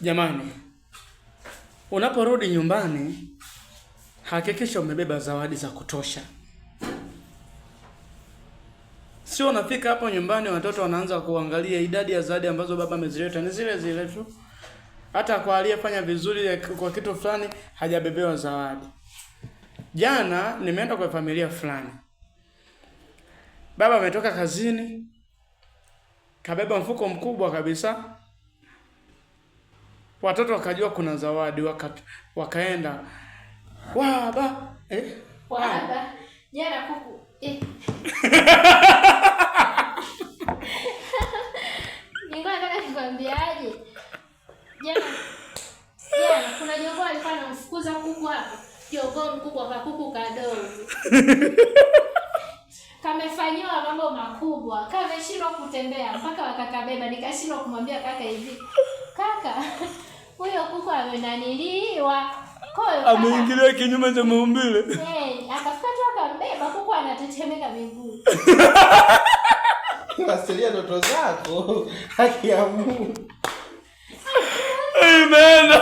Jamani, unaporudi nyumbani hakikisha umebeba zawadi za kutosha. Sio unafika hapo nyumbani watoto wanaanza kuangalia idadi ya zawadi ambazo baba amezileta ni zile zile tu. Hata kwa aliyefanya vizuri kwa kitu fulani hajabebewa zawadi. Jana nimeenda kwa familia fulani, baba ametoka kazini kabeba mfuko mkubwa kabisa Watoto wakajua kuna zawadi wakati wakaenda waba eh? waba jana kuku eh. nilikuwa nataka nikwambiaje jana jana kuna jogoo alikuwa anamfukuza kuku hapa, jogoo mkubwa kwa kuku kadogo kamefanyiwa mambo makubwa, kameshindwa kutembea mpaka wakakabeba, nikashindwa kumwambia kaka hivi amenaniliwa ameingilia kinyume cha maumbile. Eh, akafika tu akambeba huko anatetemeka miguu. Wasilia ndoto zako, haki ya Mungu. Amen.